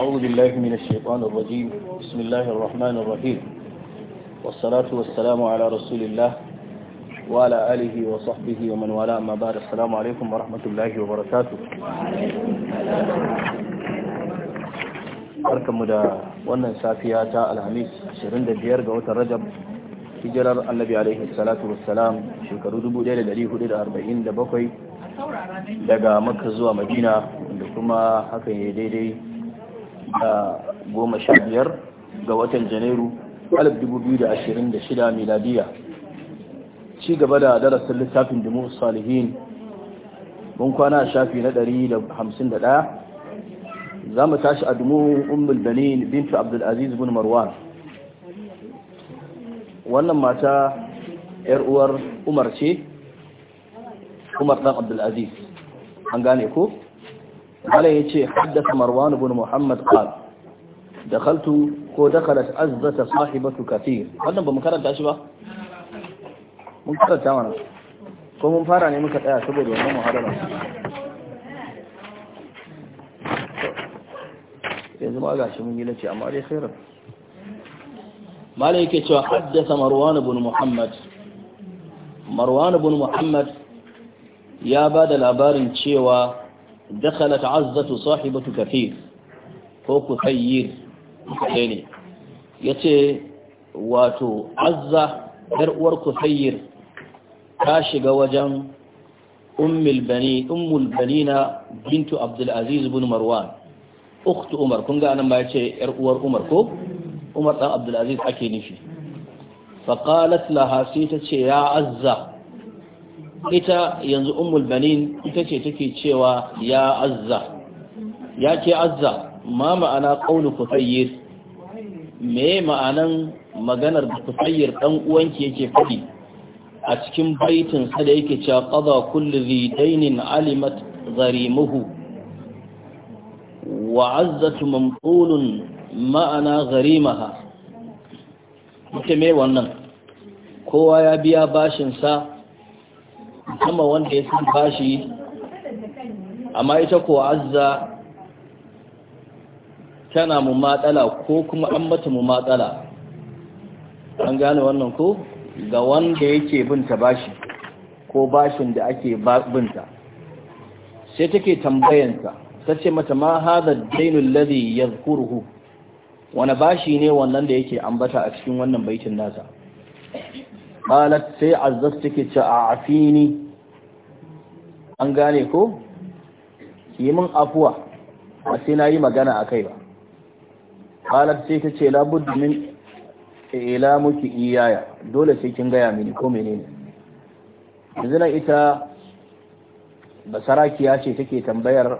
أعوذ بالله من الشيطان الرجيم بسم الله الرحمن الرحيم والصلاة والسلام على رسول الله وعلى آله وصحبه ومن والاه أما بعد السلام عليكم ورحمة الله وبركاته barkanmu da wannan safiya ta alhamis 25 ga watan rajab hijirar annabi alaihi salatu wassalam shekaru 1447 daga maka zuwa madina da kuma hakan ya daidai goma sha biyar ga watan janairu 2026 miladiya ci gaba da darasin littafin jimu salihin mun kwana shafi na 151 za mu tashi a dumu ummul benin bintu abdulaziz bin marwan wannan mata yar uwar umar ce umar dan abdulaziz an gane ko عليه يتشي حدث مروان بن محمد قال دخلت ko دخلت أزبة صاحبة كثير wannan ba mu karanta shi ba mun karanta mana ko mun fara ne muka tsaya saboda wannan muharrama yanzu ma gashi mun yi lace amma dai khairar malai yake cewa haddasa marwan ibn muhammad marwan ibn muhammad ya ba da labarin cewa دخلت عزة صاحبة كثير ko kusayyir ya ce wato azza uwar kusayyir ta shiga wajen ummul bani na bintu abdulaziz bin marwan uktu umar kunga ga anan ba ya ce uwar umar ko umar ɗan abdulaziz ake nufi faƙalat laha sai ta ce ya azza ita yanzu Umul banin ita ce take cewa ya azza ya ce azza ma ma'ana qaulu kufayyir me ma'anan maganar da kufayyir dan uwanki yake fadi a cikin baitin da yake cewa qada kullu zidainin alimat gharimuhu wa azzatu mamqulun ma'ana gharimaha ita me wannan kowa ya biya bashin sa musamman wanda ya san bashi amma ita ko azza tana mu matsala ko kuma an mata mu matsala an gane wannan ko ga wanda yake binta bashi ko bashin da ake binta sai take tambayanta ta ce mata ma hada dainul ladhi yadhkuruhu wani bashi ne wannan da yake ambata a cikin wannan baitin nasa qalat sai azzaz take ce a an gane ko yi min afuwa ba sai na yi magana a kai ba qalat sai ta ce labuddu min ila muki iyaya dole sai kin gaya mini ko menene yanzu na ita basarakiya ce take tambayar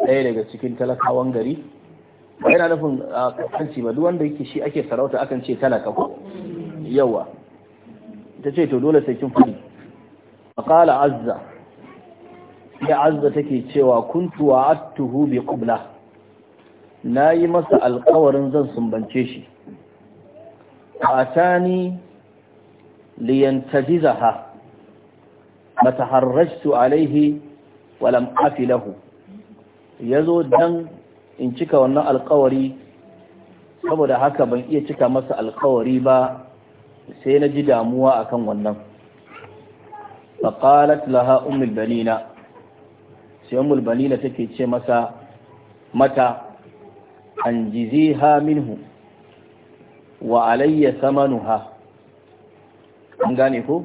ɗaya daga cikin talakawan gari yana nufin a kanci ba duk wanda yake shi ake sarauta akan ce talaka ko yawa ta ce to dole sai kin fadi faqala azza ya azza take cewa kuntu wa'attuhu bi qibla nayi masa alƙawarin zan sumbance shi atani liyantajizaha mataharrajtu alaihi wa lam afi Ya yazo dan in cika wannan alƙawari saboda haka ban iya cika masa alƙawari ba sai na ji damuwa akan wannan faƙalat laha umul banina sai umul banina take ce masa mata an jiziha minhu wa alayya samanuha an gane ko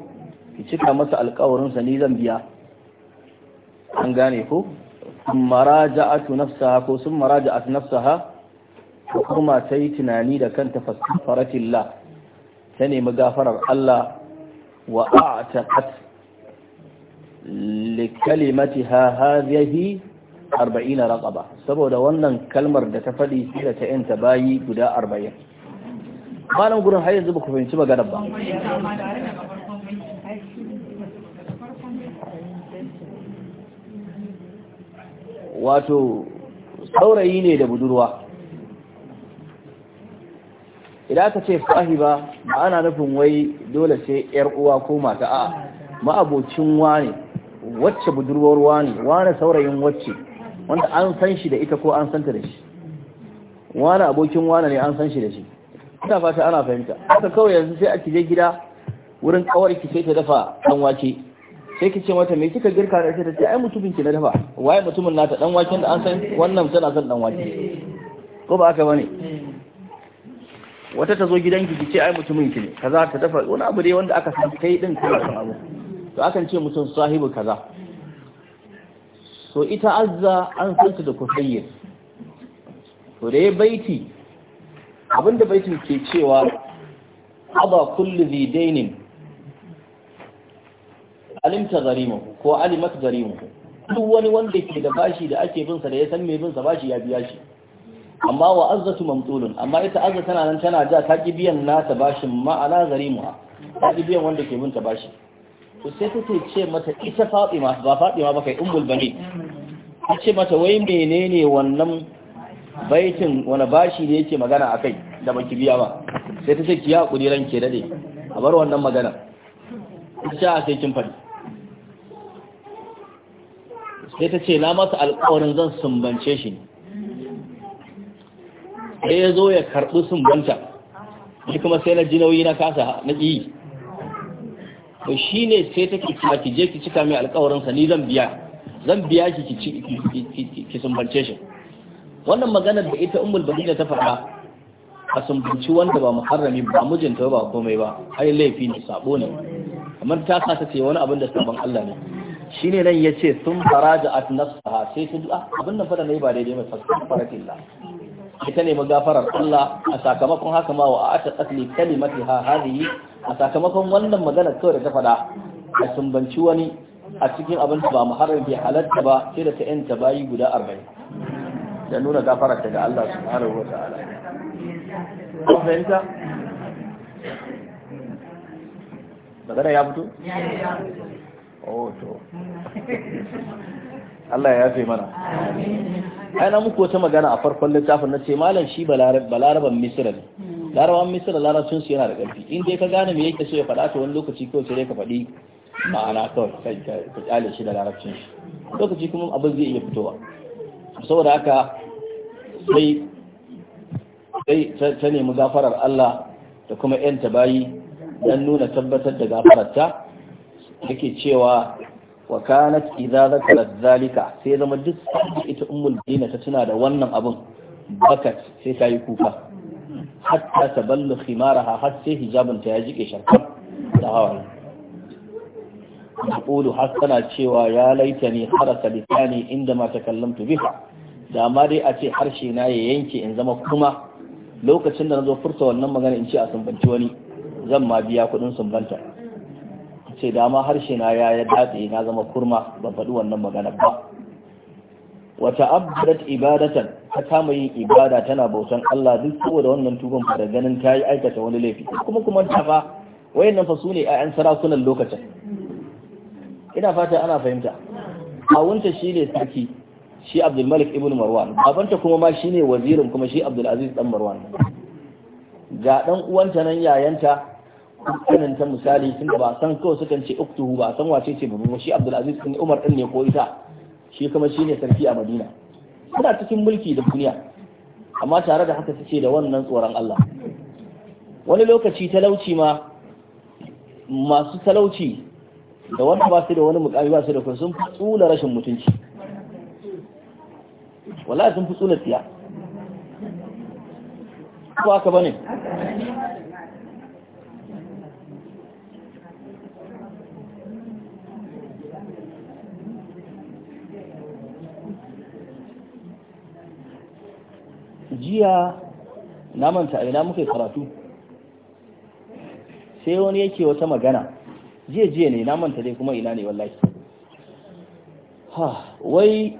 ki cika masa alƙawarinsa ni zan biya an gane ko maraja'atu nafsaha ko sun maraja'at nafsaha ko kuma ta yi tunani da kanta fasfaratillah ta nemi gafarar Allah wa a'taqat li kalimatiha hadhihi 40 raqaba saboda wannan kalmar da ta faɗi sai da ta yanta bayi guda arba'in. malam gurin har yanzu baku fahimci magana ba wato saurayi ne da budurwa idan aka ce sahiba ba ana nufin wai dole sai yar uwa ko mata a ma'abocin wani wacce budurwar wani Wani saurayin wacce wanda an san shi da ita ko an santa da shi Wani abokin wani ne an san shi da shi ina fata ana fahimta aka kawai yanzu sai a kije gida wurin kawar ki sai ta dafa dan wake sai ki ce mata me kika girka da ita ce ai mutumin ki na dafa waye mutumin nata dan waken da an san wannan tana son dan wake ko ba haka bane wata ta zo gidanki ki ce ai mutumin ki ne kaza ta dafa wani abu dai wanda aka san kai din kana san abu to akan ce mutum sahibu kaza so ita azza an santa da kusayyir to da ya baiti abinda baitin ke cewa aba kullu zi dainin alimta zarimu ko alimat zarimu duk wani wanda ke da bashi da ake bin sa da ya san me bin sa bashi ya biya shi amma wa azzatu mamtulun amma ita azza tana nan tana ja ta ki biyan nata bashin ma'ana zarimuha ta ki biyan wanda ke binta bashi to sai take ce mata ita Fatima ba Fatima ba kai umul bani ta ce mata wai menene wannan baitin wani bashi ne yake magana akai da baki biya ba sai ta ce ki hakuri ranke dade a bar wannan magana ita sai kin fadi sai ta ce na masa alƙawarin zan sumbance shi ne sai ya zo ya karɓi sumbanta ni kuma sai na ji nauyi na kasa na ƙi ba shi ne sai take cewa ki je ki cika mai alƙawarinsa ni zan biya zan biya ki ki sumbance shi wannan maganar da ita ummul badina ta faɗa a sumbanci wanda ba muharrami ba mijinta ba komai ba ai laifi ne sabo ne kamar ta kasa ce wani abin da sabon Allah ne shine nan yace sun faraja at nafsaha sai ta ah, abin nan na ne ba daidai ba sun faratillah ita ne magafarar Allah a sakamakon haka ma wa a asli kalimati ha hadhihi a sakamakon wannan magana kawai da ta faɗa a sumbanci wani a cikin abin da ba muharram bai halatta ba sai da ta yanta bayi guda 40 da nuna gafarar ta ga Allah subhanahu wa ta'ala ko fahimta magana ya fito oh to Allah ya fi mana ai na muku wata magana a farkon littafin na ce malam shi balaraban misira ne laraban misira larabcin su yana da ƙarfi in dai ka gane me yake so ya faɗa ta wani lokaci kawai sai ka faɗi ma'ana kawai ka ƙyale shi da larabcin shi lokaci kuma abin zai iya fitowa saboda haka sai sai ta nemi gafarar Allah da kuma 'yan bayi don nuna tabbatar da gafararta take cewa wa kanat idza zakarat zalika sai zama duk sai ita ummul dina ta tuna da wannan abun bakat sai ta yi kuka hatta taballu khimaraha har sai hijabin ta ya jike sharkar da hawaye taqulu har tana cewa ya laitani harasa ne inda ma ta biha da ma dai a ce harshe na ya yanke in zama kuma lokacin da zo furta wannan magana in ce a sumbanci wani zan ma biya kuɗin sumbanta ce dama harshe na ya ya datse na zama kurma ba faɗi wannan magana ba wata abdurat ibadatan ta kama yin ibada tana bautan Allah duk saboda wannan tuban fara ganin ta yi aikata wani laifi kuma kuma ta fa wayannan fa fasu ne yan sarakunan lokacin ina fata ana fahimta kawunta ne sarki shi Abdul Malik ibn Marwan babanta kuma ma shi ne wazirin kuma shi Abdul Aziz dan Marwan ga dan uwanta nan yayanta kanin ta misali tun da ba san kawai sukan ce uktuhu ba san wace ce ba shi Abdulaziz bin Umar din ne ko ita shi kuma shine sarki a Madina suna cikin mulki da duniya amma tare da haka suke da wannan tsoron Allah wani lokaci talauci ma masu talauci da wanda ba su da wani mukami ba su da kun sun fi tsula rashin mutunci wallahi sun fi tsula tsiya ko haka bane jiya na manta ina muka karatu sai wani yake wata magana jiya jiya ne na manta dai kuma ina ne wallahi ha wai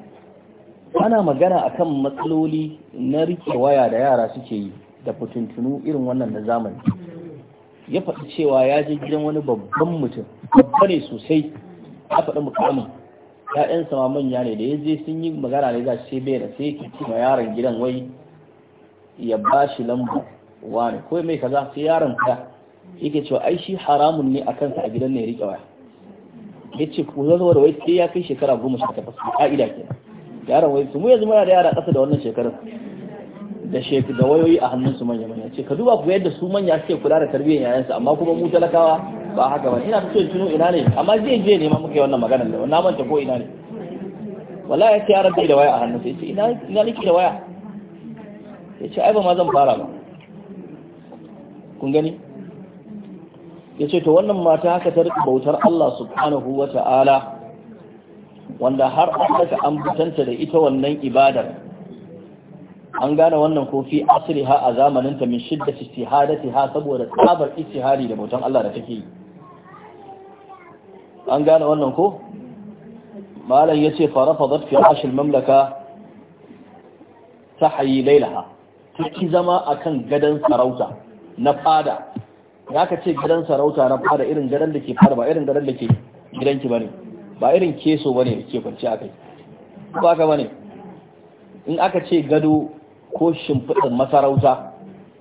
ana magana akan matsaloli na rike waya da yara suke yi da fitintunu irin wannan da zamani ya faɗi cewa ya je gidan wani babban mutum babba ne sosai ya faɗi mukamin ya'yansa ma manya ne da ya je sun yi magana ne za su ce bayyana da sai ci ma yaron gidan wai ya ba shi lamba wani ko mai kaza sai yaron ka yake cewa ai shi haramun ne a kansa a gidan ne ya riƙe waya ya ce ku zo da wai sai ya kai shekara goma sha takwas ka'ida ke yaron wai su mu yanzu muna da yara ƙasa da wannan shekarar da shek da wayoyi a hannun su manya manya ce ka duba ku yadda su manya suke kula da tarbiyyar su amma kuma mu talakawa ba haka ba ina fito tuno ina ne amma zai je ne ma muke wannan maganar da wannan manta ko ina ne wallahi ya ce yaran da waya a su ya ce ina nake da waya ya ce ba ma zan fara ba kun gani ya ce to wannan mata haka ta riƙa bautar Allah subhanahu wa ta'ala wanda har aka ambatanta da ita wannan ibadar an gane wannan ko fi ha a zamaninta min shiddati istihadatiha saboda tsabar istihari da bautan Allah da take yi an gane wannan ko malam yace fa rafadat fi ashil mamlaka ta tahyi lailaha ta ki zama akan gadon sarauta na fada ya ka ce gadon sarauta na fada irin gadon da ke fada ba irin gadon da ke gidanki bane ba irin keso bane ke kwanci akai ba ka bane in aka ce gado ko shimfiɗar masarauta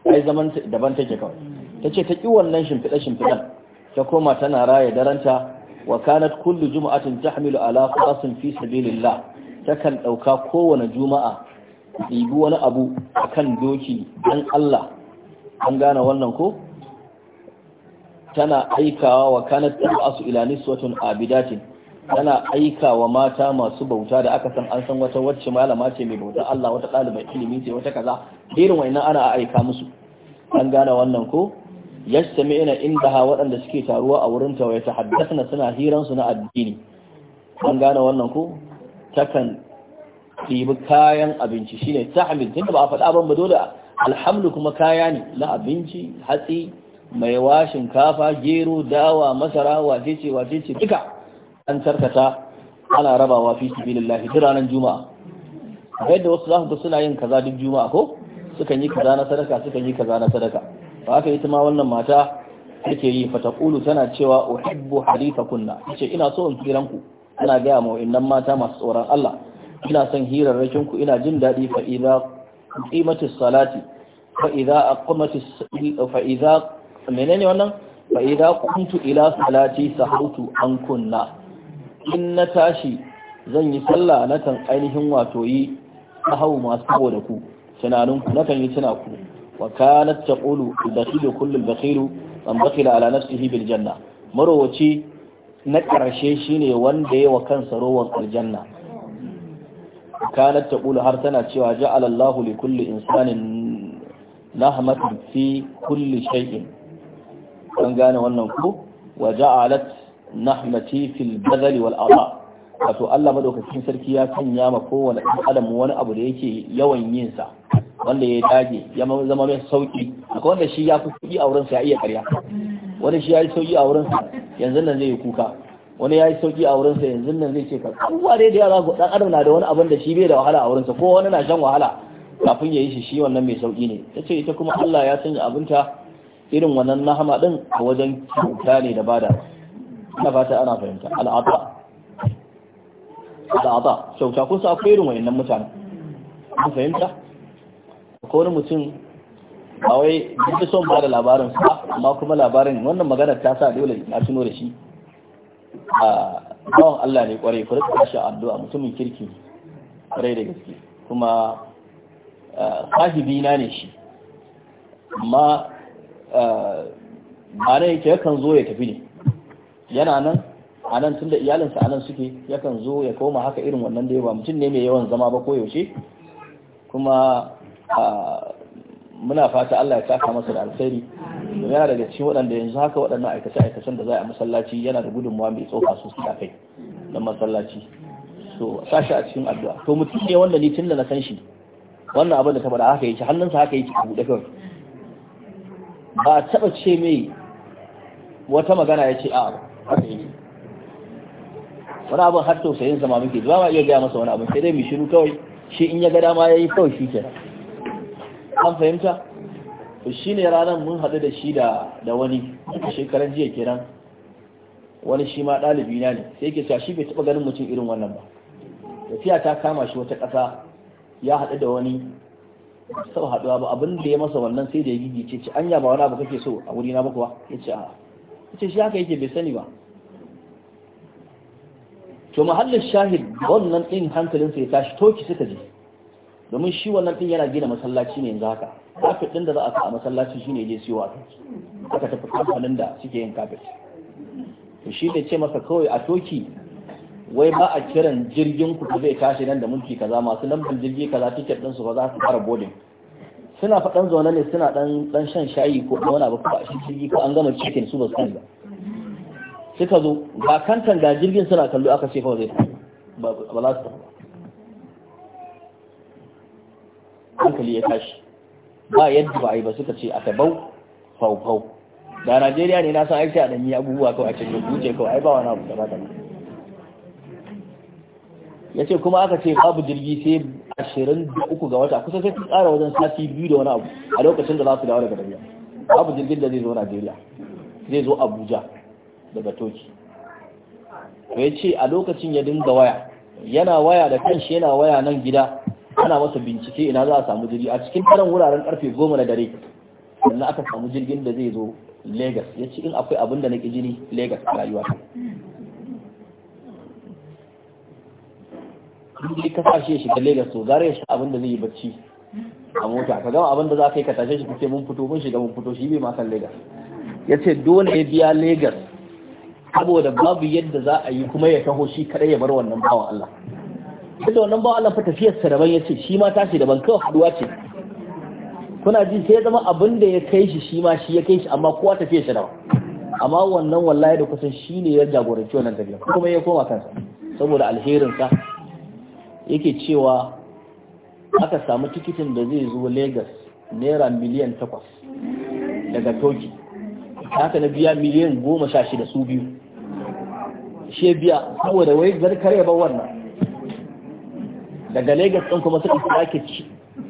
ai zaman daban take kawai ta ce ta ƙi wannan shimfiɗa shimfiɗan ta koma tana raya daranta wa kanat kullu juma'atin tahmilu ala qasim fi sabilillah takan ɗauka kowane juma'a ɗibi wani abu a kan doki ɗan Allah an gane wannan ko tana aikawa wa kanat asu ila watan abidatin tana aikawa mata masu bauta da aka san an san wata wacce malama ce mai bauta Allah wata ɗalibai ilimi ce wata kaza irin wannan ana aika musu an gane wannan ko inda ha waɗanda suke taruwa a wurin ta haddasa na suna hiransu su na addini an gane wannan ko takan ɗibi kayan abinci shine tahmil tunda ba a faɗa ban ba dole alhamdu kuma kaya ne na abinci hatsi mai wa shinkafa gero dawa masara wacece wacece duka an tarkata ana rabawa fi sabilillahi duk ranar juma'a yadda wasu za ku ga suna yin kaza duk juma'a ko sukan yi kaza na sadaka sukan yi kaza na sadaka ba haka ita ma wannan mata take yi fataqulu tana cewa uhibbu hadithakunna ce ina so in kiran ku ana gaya mu innan mata masu tsoron Allah ina son hirarrakin ku ina jin daɗi fa idza qimati salati fa idza aqamati fa idza menene wannan fa ƙuntu, ila salati sahautu an kunna in na tashi zan yi sallah na kan ainihin wato yi masu ma da ku tunanin ku na kan yi tuna ku wa kanat taqulu al-bakhilu kullu al-bakhilu man bakhila ala nafsihi Hibil janna marowaci na ƙarshe shine wanda ya wa kansa rowan aljanna kanat taqulu har tana cewa ja'ala Allahu li kulli insanin nahmatan fi kulli shay'in an gane wannan ku wa ja'alat nahmati fil badal wal ara wato Allah madaukakin sarki ya sanya ma kowane ɗan adam wani abu da yake yawan yin sa wanda ya dage ya zama mai sauki akwai wanda shi ya fi sauki a wurin sa ya iya karya wanda shi ya yi sauki a wurin sa yanzu nan zai yi kuka wani ya yi sauki a wurinsa yanzu nan zai ce ka abubuwa dai da yara dan adam na da wani abin da shi bai da wahala a wurinsa ko wani na shan wahala kafin ya yi shi shi wannan mai sauki ne ta ce ita kuma Allah ya sanya abinta irin wannan nahama din a wajen kyauta ne da bada ina fata ana fahimta al'ada al'ada kyauta kun sa akwai irin wayannan mutane kun fahimta ko wani mutum a wai duk son ba da labarin sa amma kuma labarin wannan magana ta sa dole na tuno da shi a bawan Allah ne kwarai kwarai rika addu'a mutumin kirki kwarai da gaske kuma sahibina ne shi amma ba na yake yakan zo ya tafi ne yana nan a nan tun da iyalinsa a nan suke yakan zo ya koma haka irin wannan da ba mutum ne mai yawan zama ba koyaushe kuma muna fata Allah ya taka masa da alkhairi yana daga cikin waɗanda yanzu haka waɗannan aikace-aikacen da za a yi masallaci yana da gudunmawa mai tsoka su a kai na masallaci so sashi a cikin addu'a to mutum ne wanda ni tun da na san shi wannan abin da ta faɗa haka yake hannunsa haka yake a buɗe kawai ba a taɓa ce mai wata magana ya ce a haka yake wani abin har tausayin zama muke ba ma iya gaya masa wani abin sai dai mai shiru kawai shi in ya ga dama ya yi kawai shi kenan an fahimta to shi ne ranar mun haɗu da shi da wani a shekaran jiya kenan wani shi ma ɗalibi na ne sai ke cewa shi bai taɓa ganin mutum irin wannan ba tafiya ta kama shi wata ƙasa ya haɗu da wani sau haɗuwa ba abin da ya masa wannan sai da ya gigice ce anya ba wani abu kake so a wuri na ba kuwa ya ce a ce shi haka yake bai sani ba to mahallin shahid wannan ɗin hankalinsa ya tashi toki suka je domin shi wannan din yana gina masallaci ne yanzu haka kafet din da za a sa a masallaci shine je siyo a aka tafi kamfanin da suke yin kafet to shi ne ce masa kawai a toki wai ba a kiran jirgin ku zai tashi nan da minti kaza masu lambar jirgi kaza tiket din su ba za su fara boarding suna faɗan zaune ne suna ɗan dan shan shayi ko wani abu ba shi jirgi ko an gama cikin su ba su ba suka zo ba kantan ga jirgin suna kallo aka ce fa zai ba za su ba hankali ya tashi ba yadda ba a yi ba suka ce a tabau faufau da najeriya ne na san aiki a ɗanyi abubuwa kawai a cikin wuce kawai ai ba wani abu da ba ya ce kuma aka ce babu jirgi sai ashirin da uku ga wata kusa sai su tsara wajen sati biyu da wani abu a lokacin da za su dawo daga tafiya babu jirgin da zai zo najeriya zai zo abuja daga toki to ya ce a lokacin ya dinga waya yana waya da kanshi yana waya nan gida ana masa bincike ina za a samu jirgi a cikin karan wuraren karfe goma na dare sannan aka samu jirgin da zai zo Legas ya ce in akwai abin da na ƙi jini Legas a rayuwa duk ka sa shi ya shiga Legas to gara ya sha abin da zai yi bacci a mota ka gama abin da za ka yi ka tashe shi kuke mun fito mun shiga mun fito shi bai ma lagos Legas ya ce dole ya biya Legas saboda babu yadda za a yi kuma ya taho shi kadai ya bar wannan bawan Allah duk da wannan ba Allah fa tafiyar sa daban yace shi ma tashi daban kawai haduwa ce kuna ji sai zama abin da ya kai shi shi ma shi ya kai shi amma kowa tafiyar shi daban amma wannan wallahi da kusan shi ne ya jagoranci wannan tafiya kuma ya koma kansa saboda sa yake cewa aka samu tikitin da zai zo Lagos naira miliyan takwas daga Toki haka na biya miliyan goma sha shida su biyu shi biya saboda wai zarkar bar wannan daga Lagos ɗin kuma suka sake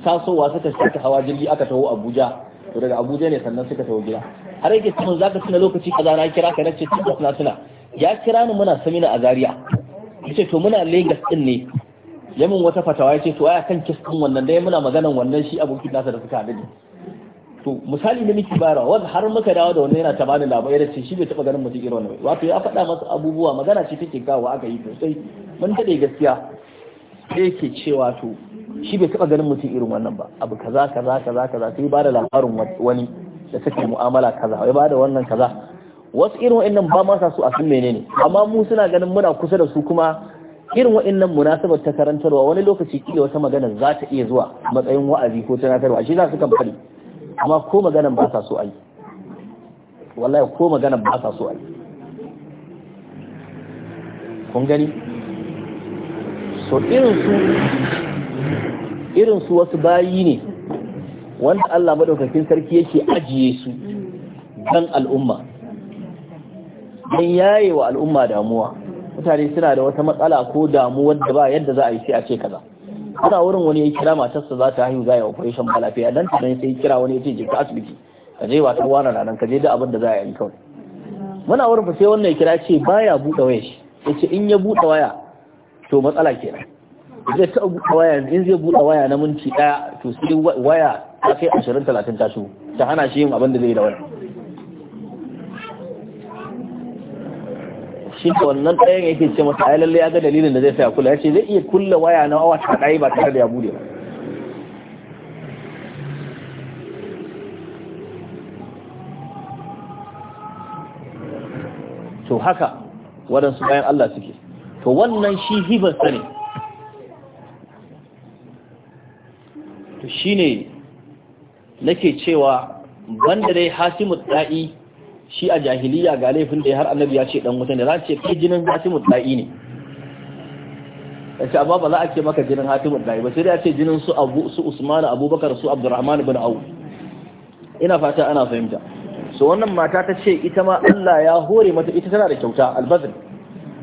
tasowa suka sake hawa jirgi aka taho Abuja to daga Abuja ne sannan suka taho gida har yake cewa zaka tuna lokaci kaza na kira ka nace tabbas na tuna ya kira ni muna samina a Zaria yace to muna Lagos ɗin ne mun wata fatawa yace to aya kan kiskan wannan dai muna maganan wannan shi abokin nasa da suka haɗu to misali ne miki bayarwa wanda har muka dawo da wani yana ta bani labarai da ce shi bai taba ganin mutum irin wannan wato ya faɗa masa abubuwa magana ce take kawo aka yi sosai mun daɗe gaskiya sai ke cewa to shi bai taba ganin mutum irin wannan ba abu kaza kaza kaza kaza sai ba da labarin wani da take mu'amala kaza ya ba da wannan kaza wasu irin wa'annan ba ma sa su a san menene amma mu suna ganin muna kusa da su kuma irin wa'annan munasabar ta karantarwa wani lokaci kila wata magana za ta iya zuwa matsayin wa'azi ko tunatarwa shi za su kan fari amma ko maganan ba sa so ayi wallahi ko maganan ba sa so ai kun gani so irin su wasu bayi ne wanda Allah madaukakin sarki yake ajiye su dan al'umma dan yaye wa al'umma damuwa mutane suna da wata matsala ko damuwar da ba yadda za a yi sai a ce kaza ana wurin wani ya kira matarsa za ta haihu za ya operation ba lafiya dan ta sai kira wani ya ce je ka asibiti ka je wata wani ranar ka je da abin da za a yi kawai muna wurin sai wannan ya kira ce baya buɗe waya shi yace in ya buɗe waya to matsala na. zai ta waya in zai buɗe waya na minti ɗaya to sai waya ta kai ashirin talatin ta ta hana shi yin abin da zai da wani shi ta wannan ɗayan yake ce masa ai lalle ya ga dalilin da zai sa kula ya ce zai iya kulla waya na awa ta ɗaya ba tare da ya buɗe ba to haka waɗansu bayan Allah suke to wannan shi hibarsa ne to shi ne nake cewa banda dai hasimu da'i shi a jahiliya ga laifin da har annabi ya ce dan wuta ne za ce kai jinin hasimu da'i ne yace amma ba za a ce maka jinin hasimu da'i ba sai dai a ce jinin su abu su usman abubakar su abdurrahman ibn auf ina fata ana fahimta so wannan mata ta ce ita ma Allah ya hore mata ita tana da kyauta albazir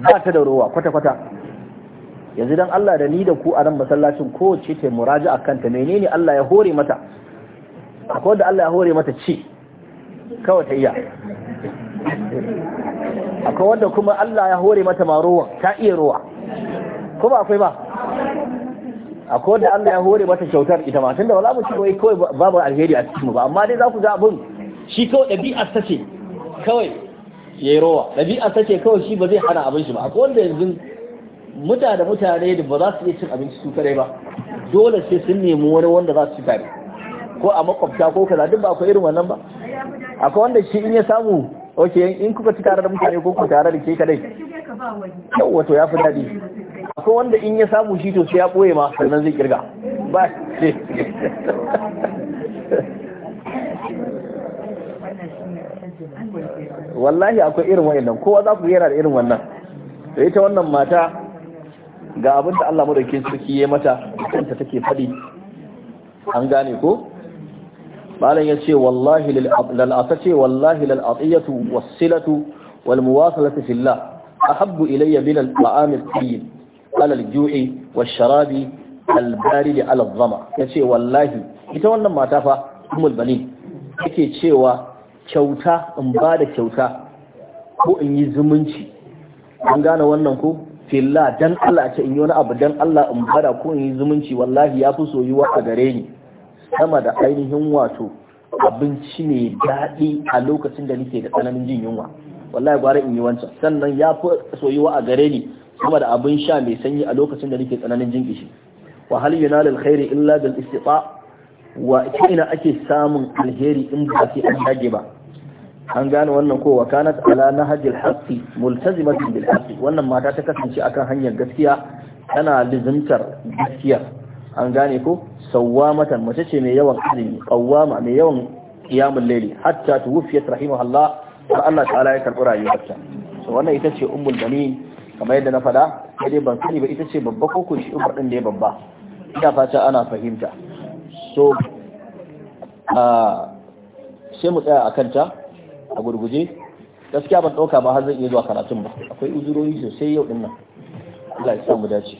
ba ta da ruwa kwata-kwata yanzu dan Allah da ni da ku a nan masallacin kowace ta muraji a kanta menene Allah ya hore mata akwai da Allah ya hore mata ci kawai ta iya akwai wanda kuma Allah ya hore mata ma ruwan ta iya ruwa? ko ba akwai ba akwai wanda Allah ya hore mata kyautar ita ma tunda wala mu ci kawai babu alheri a cikin mu ba amma dai za ku ga abun shi kawai ɗabi'ar ta ce kawai ya yi rowa ɗabi'a ta ce kawai shi ba zai hana abin shi ba akwai wanda yanzu mutane da mutane da ba za su iya cin abinci su kadai ba dole sai sun nemi wani wanda za su ci tare ko a makwabta ko kaza duk ba akwai irin wannan ba akwai wanda shi in ya samu ok in kuka ci tare da mutane ko ku tare da ke kadai yau wato ya fi daɗi akwai wanda in ya samu shi to sai ya ɓoye ma sannan zai kirga ba wallahi akwai irin wayannan kowa za ku yana da irin wannan da ita wannan mata ga abin da Allah madaukin sarki ya mata kanta take fadi an gane ko malam ya ce wallahi lil atati wallahi lil atiyatu wassilatu wal muwasalatu fillah ahabbu ilayya min al ta'am at-tayyib ala al-ju'i wash-sharabi al-barid ala adh-dhama yace wallahi ita wannan mata fa ummul banin take cewa kyauta in ba da kyauta ko in yi zumunci an gane wannan ko filla dan Allah ce in yi wani abu dan Allah in bada ko in yi zumunci wallahi ya fi soyuwa a gare ni sama da ainihin wato abinci ne daɗi a lokacin da nake da tsananin jin yunwa wallahi gwara in yi wancan sannan ya fi soyuwa a gare ni sama da abin sha mai sanyi a lokacin da nake tsananin jin kishi wa hal da alkhairi illa bil istiqa wa ina ake samun alheri in ba sai an dage ba an gane wannan ko wa kanat ala nahjil haqqi multazimatin bil haqqi wannan mata ta kasance akan hanyar gaskiya tana lizimtar gaskiya an gane ko sawwamatan mace ce mai yawan azumi qawwama mai yawan qiyamul layli hatta tuwfiyat rahimahullah har Allah ta'ala ya karbi rayuwarta so wannan ita ce ummul banin kamar yadda na fada sai ban sani ba ita ce babba ko ko shi umar din da ya babba ina fata ana fahimta so ah, sai mu tsaya a kanta a gurguje gaskiya ban ɗauka ba har zai iya zuwa karatun ba akwai uzurori sosai yau ɗin nan Allah ya sa mu dace